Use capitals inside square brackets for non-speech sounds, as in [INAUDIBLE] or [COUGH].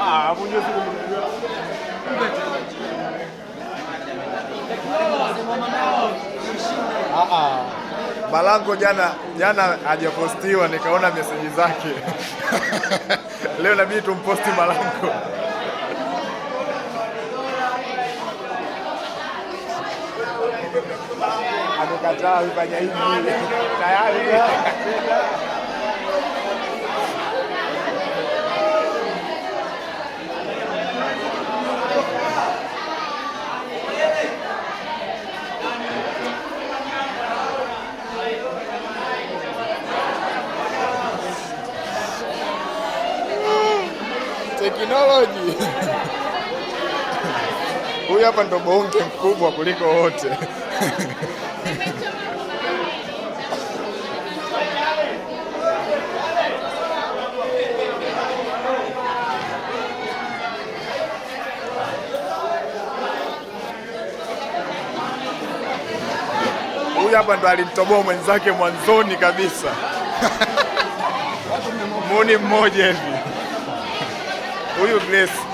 Balango ah, jana jana hajapostiwa, nikaona meseji zake [LAUGHS] leo nabidi tumposti Balango. amekataa vifanya hivi tayari technology. Huyu hapa ndo bonge mkubwa kuliko wote. Huyu hapa ndo alimtoboa mwenzake mwanzoni kabisa. [LAUGHS] Muni mmoja hivi. Will Bless.